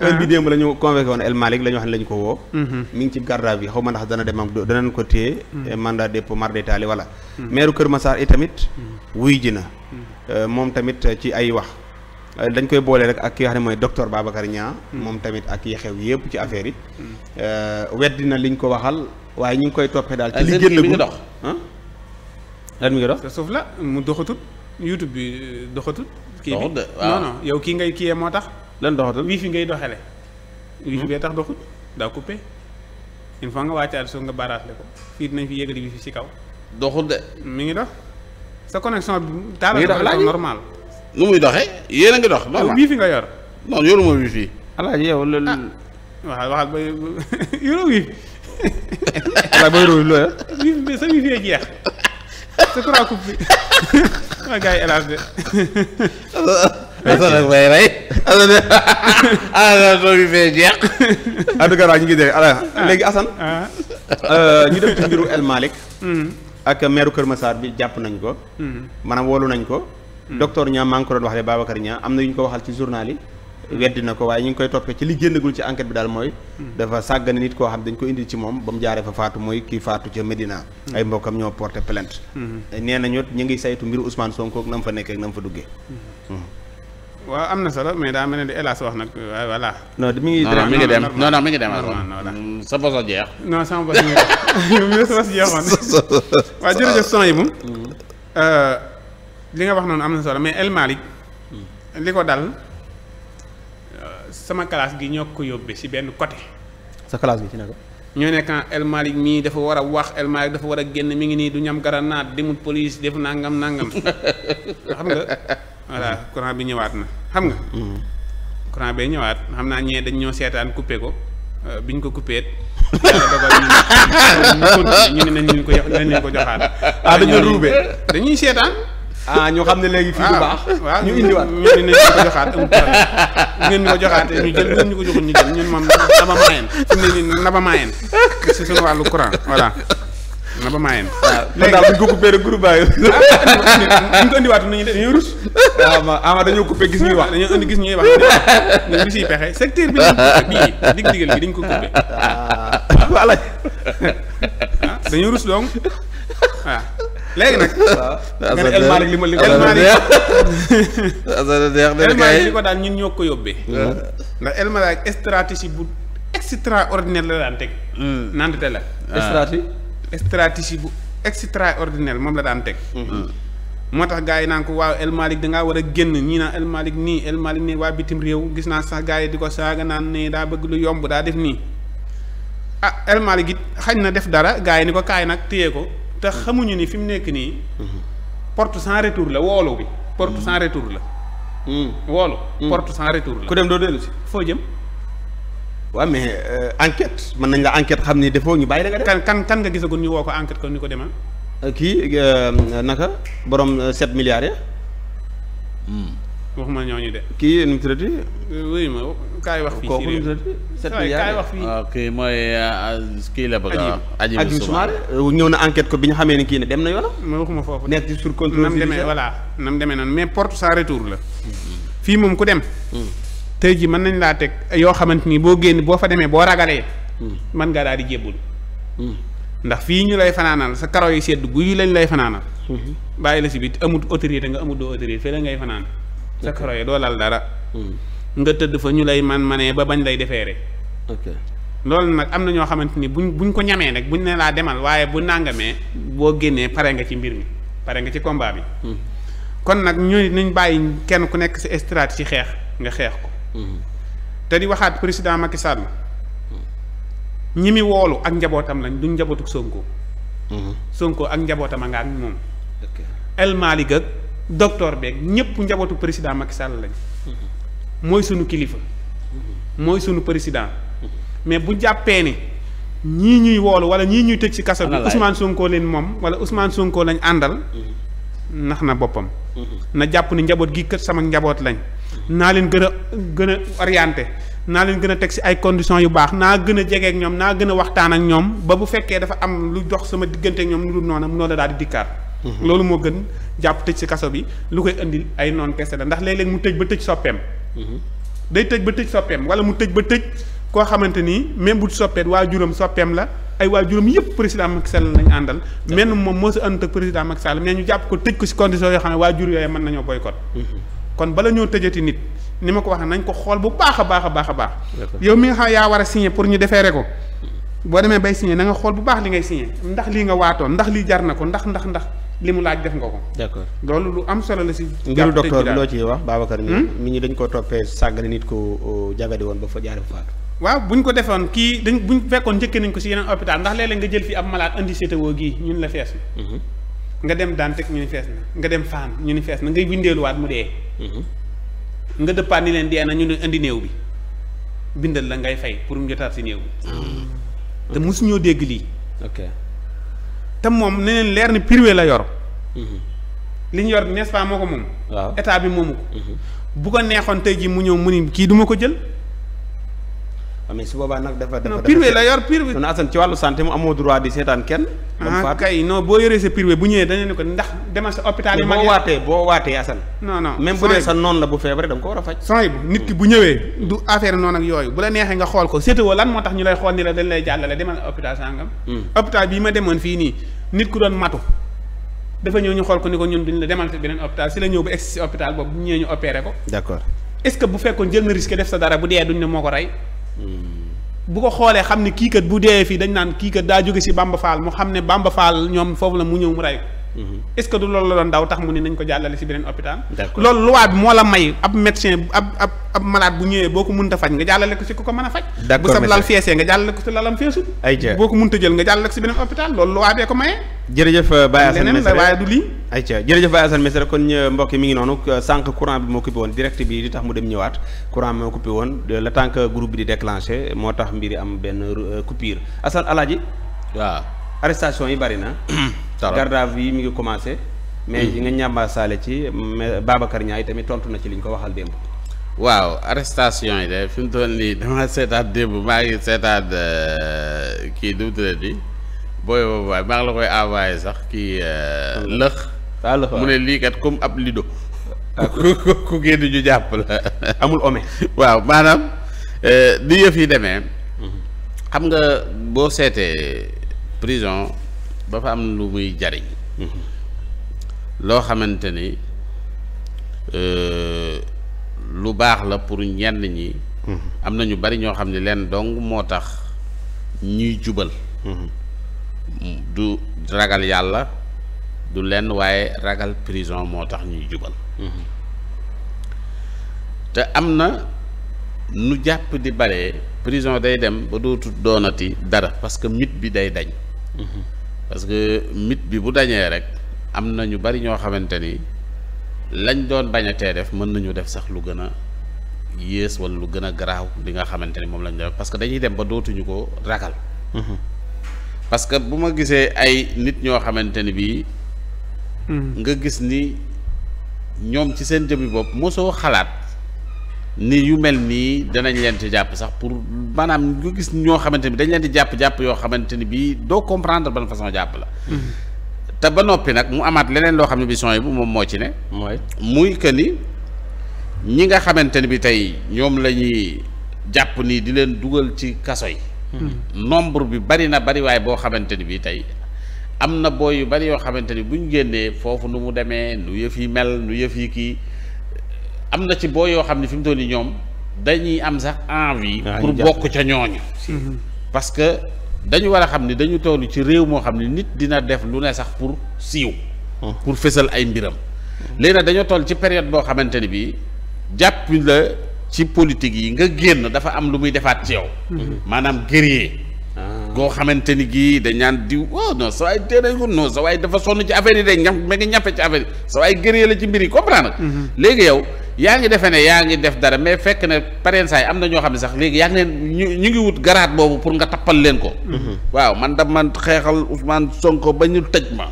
heure bi ah. démb la ñu convoqué woon El Malick la ñu ne la ko woo. Mhm. mi ngi ci garde à vue xaw ma ndax dana dem am danañ ko téye. Mhm. Eh, mandat dépôt mar détaillé voilà. Mhm. maire Kër Massar i tamit. wuy ji na. Euh, moom tamit euh, ci ay wax. Euh, dañ koy boole rek ak ki nga xam ne mooy docteur Babacar moom tamit ak yi xew yëpp ci affaire yi. weddi na liñ ko waxal waaye ñu ngi koy toppee daal. ci li génn mi ngi suuf la mu doxatut YouTube bi doxatut. kii bi non yow kii ngay kiiyee moo tax. lan doxatul wifi ngay doxale wifi hmm? bee tax doxut daa coupé il faut nga wàccaat suuf nga baraasle ko fii nañ fi yëgali wifi ci kaw. doxul de. mi ngi dox sa connexion bi. taalal sa muy doxee yéen a ngi dox. normal wifi nga yor. non yoruma wifi. alaaji yow loolu. Ah. waxal ba yoroo wifi. sa wifi jeex. sa courant coupé. sama gars yi de. dafa nag may rey alal soo fi fee jeex en tout cas daal ñu ngi dégg ala ah. léegi Assane ah. euh, ñu dem ci mbiru El Malick mm. ak meeru Kër Massar bi jàpp nañ ko mm. maanaam wolu nañ ko mm. docteur ñaa maa ngi ko doon wax de Babacar ñaa am na ñu ko waxal ci journal yi weddi na ko waaye ñu ngi koy toppee ci li génnagul ci enquête bi daal mooy dafa sàggane nit koo xam dañ ko indi ci moom ba mu jaaree fa faatu mooy kii faatu ca Medina. ay mbokkam ñoo porté plainte nee nañu ñu ngi saytu mbiru Ousmane Sonko ak na nekkee ak na mu fa duggee waaw am na solo mais daa mel ne di hélas wax nag voilà. non mi ngi mi ngi dem non non na ngi dem mm, sa bos a jeex. non sama bos mi ngi sa bos jeexoon. waaw jërëjëf son yi moom. Mm. Euh, li nga wax noonu am na solo mais El mm. li ko dal euh, sama kalaas gi ñoo ko yóbbee si benn côté. sa classe gi ci naka. ñoo ne quand El Malick mii dafa war a wax El Malick dafa war a génn mi ngi nii du ñam garanaat demut police def nangam nangam xam nga. voilà courant bi ñëwaat na xam nga. Mm-hmm. courant bee ñëwaat xam naa ñee dañ ñoo seetaan coupé ko euh, biñ ko coupé it. ñu ne nañ leen ko jox nañ leen ko joxaat. ah dañu ruube dañuy seetaan. ah ñoo xam ne léegi fii bu ah, baax. waaw ñu indiwaat ñu ne nañ ko joxaat amul ngeen ñu ko joxaatee jël ngeen ñu ko joxul ñu jël ñun moom naba maayeen fi mu nii naba maayeen si suñu wàllu courant voilà. na ba maayam. Ah, léegi daal bu ñu ah, ah, gis ñuy wax dañoo gis ñuy wax ñu dañ ko coupé bii dig digal bi dañ ko nag. waaw El Malick li ma li ma. El Malick ko daan ñun ñoo ko yóbbee. ndax El Malick bu extraordinaire la daan teg. Hmm. naan la. stratégie bu extraordinaire moom la daan teg. moo tax gars yi naan ko waaw El Malick dangaa war a génn ñii naan El nii El Malick nii waa bitim réew gis naa sax gars yi di ko saaga naan nii daa bëgg lu yomb daa def nii ah El Malick it xañ na def dara gars yi ni ko kaay nag téye ko te xamuñu ni fi mu nekk nii. porte sans retour la woolo bi. porte mm. sans retour la. Mm. woolu mm. porte sans retour la. ku dem doo dellu si foo jëm. waaw mais euh, enquête mën nañ la enquête xam ni defoo ñu bàyyi la nga def. kan kan kan nga gisagul ñu woo ko enquête ko ni ko demal. Euh, kii euh, nag borom sept milliards ya hmm. waxuma ñooñu de. kii nu mu tuddati. oui wax fii ci réew mi kooku kii ah, mooy kii la bëgg a. Adjibou Soumaré ñëw na enquête ko bi ñu xamee ni kii ne dem na yoonam. ma waxuma foofu nekk ci sur contrôle. nam demee voilà nam demee noonu mais porte sans retour la. Hmm. fii moom ku dem. Hmm. tey ji mën nañ laa teg yoo xamante ni boo génn boo fa demee boo ragalee hmm. mën nga daal di jébbul hmm. ndax fii ñu lay fanaanal sa karaw yi sedd guyu lañ lay fanaanal hmm. bàyyi la si bit amut autorité nga amut doo autorité fee la ngay fanaan sa karaw doo lal dara nga tëdd fa ñu lay man manee ba bañ lay rek loolu nag am na ñoo xamante ni buñ buñ ko ñamee bu ñu ne laa demal waaye bu nàngamee boo génnee pare nga ci mbir mi pare nga ci kombaa bi kon nag ñooy nañ bàyyi kenn ku nekk sa stratégie xeex nga xeex ko te di waxaat président Macky Sall ñi mi woolu ak njabootam lañ duñ njabootuk Sonko. Sonko ak njabootam a nga ak moom. El Malick ak docteur beeg ñëpp njabootu président Macky Sall lañ. sunu kilifa. mooy sunu président. mais bu jàppee ni ñii ñuy woolu wala ñii ñuy tëj ci kaso bi Ousmane Sonko leen moom wala Ousmane Sonko lañu àndal. Mhm. ndax na boppam. Mhm. na jàpp ni njaboot gi kët sama njaboot lañ. naa leen gën a gën a orienté naa leen gën a teg si ay conditions yu baax naa gën a jege ak ñoom naa gën a waxtaan ak ñoom ba bu fekkee dafa am lu dox sama diggante ñoom lu dul noonu noonu la daal di dikkaat. Mhm. loolu moo gën jàpp tëj ci kaso bi lu koy indi ay noon kese la ndax léeg-léeg mu tëj ba tëj soppeem. Mhm. day tëj ba tëj soppeem wala mu tëj ba tëj koo xamante ni même bu soppeet waa juróom soppeem la. ay waa juróom yëpp président Macky Sall lañu àndal. menn moom moo si ànd ñu jàpp ko tëj si condition yoo xam ne waa jur yooyu mën nañoo boycott. Mhm. kon bala ñoo tëjati nit ni ma ko waxee nañ ko xool bu baax a baax a baax a baax. yow mi nga xam yaa war a signé pour ñu defeere ko boo demee bay signé na nga xool bu baax li ngay signé ndax lii nga waatoon ndax li jar na ko ndax ndax ndax li mu laaj def nga ko. d'accord loolu lu am solo la si. mbiru docteur bi loo ciy wax Babacar. mi hmm? ñi dañ ko toppee sàggane nit ko uh, jagadi woon ba fa jaaree faatu. waaw bu ñu ko defoon kii dañ bu ñu fekkoon njëkkee nañ ko si yeneen hôpital ndax léeg nga jël fi ab malade indi CTO gii ñun la fees. Mhm. nga dem daan teg ñu ni fees na nga dem faam ñu ni fees na ngay bindeeluwaat mu dee. Mhm. nga dëppaat ni leen dee na ñu ne indi néew bi bindal la ngay fay pour mu jotaat si néew bi. Ah. te mosuñoo dégg lii. te moom ne leen leer ni privé la yor. Mhm. li ñu yor n'est-ce pas moo ko moom. waaw bi moomu ko. Mhm. bu ko neexoon tey jii mu ñëw mu ni kii duma ko jël. Ah, mais su boobaa nag dafa dafa privé la yor privé non Assane ci wàllu santé mu amoo droit di seetaan kenn ah kay non boo yoree sa privé bu ñëwee dañu ne ko ndax demal sa hôpital yi mag boo waatee boo waatee Assane non non même bu dee sa noonu la bu feebaree da nga ko war a faj sony bu nit ki bu ñëwee du affaire noonu ak yooyu bu la neexee nga xool ko séetawoo lan moo tax ñu lay xool ni la dañ lay jàllale demal hôpital sàngam hmm. hôpital bii ma demoon fii nii nit ku doon matu dafa ñëw ñu xool ko ni ko ñun duñ la demal beneen hôpital si la ñëw ba egsi si hôpital boobu bu ñëwee ñu opéré ko d'accord est-ce que bu fekkoon jël na risque def sa dara bu dee duñ ne moo ko rey bu ko xoolee xam ne kiikat bu dee fii dañ naan kii kat daa jóge si Bamba Fall mu xam ne Bamba ñoom foofu la mu ñëw mu rey mhm. est-ce que du loolu la doon daw tax mu ne nañ ko jàllale si beneen hôpital loolu loi bi moo la may ab médecin ab ab ab malaat bu ñëwee boo ko mënta faj nga jàllale ko ci ku ko mën a faj bu sab lal feesee nga jàllale ko ci lalam feesul ayca boo ko mënta jël nga jàllale ko ci beneen hôpital loolu lu waabee ko mayee euh, jërëjëf Baye Assane Messere leneen la waaye du lii ayca jërëjëf Baye Assane Messere kon euh, mbokk mi ngi noonu sànq courant bi moo coupé woon direct bi di tax mu dem ñëwaat courant bi moo coupé woon le temps que groupe bi di déclenché moo tax mbiri am benn euh, coupure Assane Alaaji waaw arrestation yi bari na garde à vue mi ngi commencé mais yi mm. nga ñàmba saale ci Babacar Niaye tamit tontu na ci li ñu ko waxal démb waaw arrestation yi de fi mu toll nii dama seetaat démb maa ngi seetaat euh, kii duutale bi booy boobu waaye maa la koy envoyé sax kii euh, lëx ah, mu ne lii kat comme ab lido ah. ku génn ñu jàpp la amul ome waaw maanaam di euh, yëf yi demee mhm. xam nga boo seetee prison ba fa am lu muy jariñ mhm. loo xamante ni lu baax la pour ñenn ñi. Mm-hmm. am na ñu bari ñoo xam ne leen dong moo tax ñuy jubal. Mm-hmm. du ragal yàlla du lenn waaye ragal prison moo tax ñuy jubal. Mm-hmm. te am na nu jàpp di bare prison day dem ba dootu doonati dara parce que mythe bi day dañ. parce que mythe bi bu dañee rek am na ñu bari ñoo xamante ni. lañ doon bañ a tee def mën nañu def sax lu gën a yées wala lu gën a garaaw li nga xamante ni moom lañ def parce que dañuy dem ba dootuñu ko ragal. Mhm. parce que bu ma gisee ay nit ñoo xamante ni bii. Mhm. nga gis ni ñoom ci seen jëmmi bopp mosoo xalaat ni yu mel nii danañ leen ci jàpp sax pour maanaam nga gis ñoo xamante ni dañ leen di jàpp jàpp yoo xamante ni bii doo comprendre ban façon jàpp la. Mhm. te ba noppi nag mu amaat leneen loo xam ne bi son yi bu moom moo ci ne mooy muy que ni ñi nga xamante ni bi tey ñoom lañuy jàpp nii di leen dugal ci kaso yi hmm. nombre bi bari na bari boo xamante ni bi tey am na booy yu bari yoo xamante ni buñ génnee foofu nu mu demee nu yëf yi mel nu yëf yi kii am na ci booy yoo xam ne fi mu toll nii ñoom dañuy am sax envie ah, pour bokk ca ñooñu parce dañu war a xam ni dañu toll ci réew moo xam ni nit dina def lu ne sax pour siiw. Hmm. pour fësal ay mbiram. léegi nag dañoo toll ci période boo xamante ni bii jàpp la ci politique yi nga génn dafa am lu muy defaat ci yow. Hmm. Hmm. maanaam guerrier. Ah. goo xamante ni gii dañ naan diw oh non sa waay teereegul non sa waay dafa sonn ci affaire yi day ñam ma ngi ñappe ci affaire yi sa waay la ci mbir yi comprendre nga. léegi yow. yaa ngi defee ne yaa ngi def dara mais fekk ne parents yi am na ñoo xam ne sax léegi yaa ngi leen ñu ñu ngi wut garaat boobu pour nga tappal leen ko. Mm-hmm. waaw man dama xeexal Ousmane Sonko ba ñu tëj ma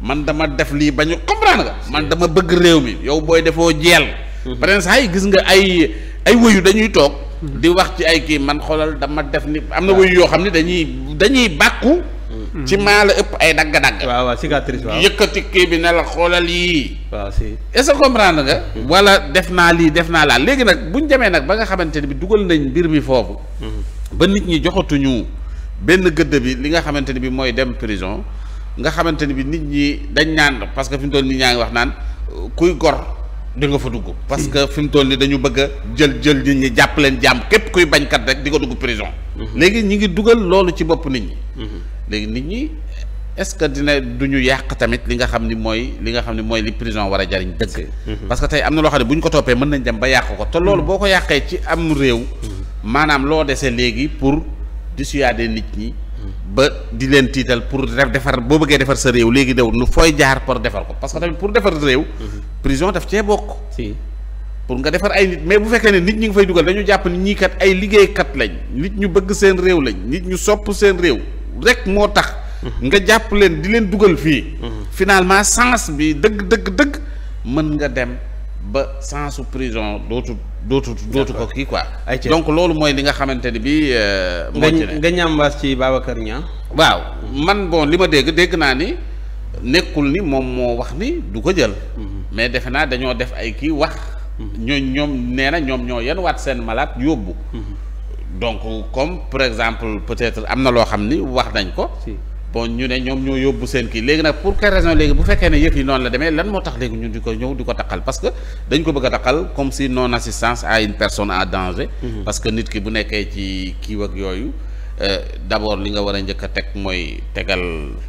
man dama def lii ba ñu comprendre nga man dama bëgg réew mi yow booy defoo jeel. Mm-hmm. parents yi gis nga ay ay wëyu dañuy toog. Mm-hmm. di wax ci ay kii man xoolal dama def ni am na wëyu yoo xam ne dañuy dañuy bàkku. Mm. ci maa la ëpp ay dagg-dagg. waaw waaw cicatrice waaw yëkkati kii bi na la xoolal yii. waaw si est nga. wala def naa lii def naa laa léegi nag bu ñu demee nag ba nga xamante ni bi dugal nañ mbir mi foofu. Mm-hmm. ba nit ñi joxatuñu benn gëdd bi li nga xamante ni bi mooy dem prison nga xamante ni bi nit ñi dañ naan parce que fi mu toll nit ñaa ngi wax naan euh, kuy gor. di nga fa dugg parce que fi mu toll nii dañu bëgg a jël jël nit ñi jàpp leen jàmm képp kuy bañkat rek di ko dugg prison. Mm-hmm. léegi ñi loolu ci bopp nit ñi. Mm-hmm. léegi nit ñi est-ce que dina du ñu yàq tamit li nga xam ni mooy li nga xam ni mooy li prison war a jariñ dëgg mhm. parce que tey am na loo xam ne bu ñu ko toppee mën nañ dem ba yàq ko te loolu mhm. boo ko yàqee ci am réew mhm. maanaam loo desee léegi pour di dissuader nit ñi ba di leen tiital pour defar boo bëggee defar sa réew léegi dew nu fooy jaar pour defar ko parce que tamit pour defar réew prison daf cee bokk si pour nga defar ay nit mais bu fekkee ne nit ñi nga fay dugal dañu jàpp ni ñii kat ay liggéeykat lañ nit ñu bëgg seen réew lañ nit ñu sopp seen réew rek moo tax. nga jàpp leen di leen dugal fii. finalement sens bi dëgg dëgg dëgg mën nga dem ba sensu prison dootu dootu dootu ko kii quoi. donc loolu mooy li nga xamante ni bii. Euh, moo ci ne nga ñambaas ci Babacar Niang. waaw man bon li ma dégg dégg naa ni nekkul ni moom moo wax ni du ko jël. Mhm. mais defe naa dañoo def ay kii wax. Mhm. ñoo ñoom nee na ñoom ñoo yenn waat seen malaat yóbbu. Mhm. donc comme par exemple peut-être am na loo xam ni wax nañ ko. boo ñu ne ñoom ñoo yóbbu seen kii léegi nag pour quelle raison léegi bu fekkee ne yëf yi noonu la demee lan moo tax léegi ñun di ko ñëw di ko taqal parce que dañ ko bëgg a taqal comme si non assistance à une personne en danger. Mhm. parce que nit ki bu nekkee ci kii ak yooyu euh, d'abord li nga war a njëkk a teg mooy tegal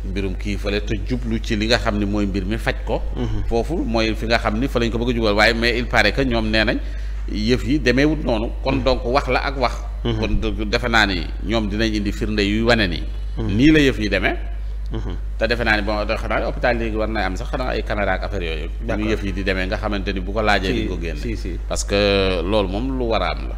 mbirum kii fële te jublu ci li nga xam ni mooy mbir mi faj ko. Mhm. foofu mooy fi nga xam ni fa lañ ko bëgg a waaye mais il paraît que ñoom nee nañ yëf yi demeewut noonu. kon mhm. donc wax la ak wax. Mhm. kon defe naa ni ñoom dinañ indi firnde yuy wane ni. Mhm. nii la yëf yi demee. Mhm. te defe naa ni bon xanaa hôpital léegi war na am sax xanaa ay caméra ak yooyu. ñu yëf yi di demee nga xamante ni bu ko laajee. di ko génne si parce que loolu moom lu war a am la.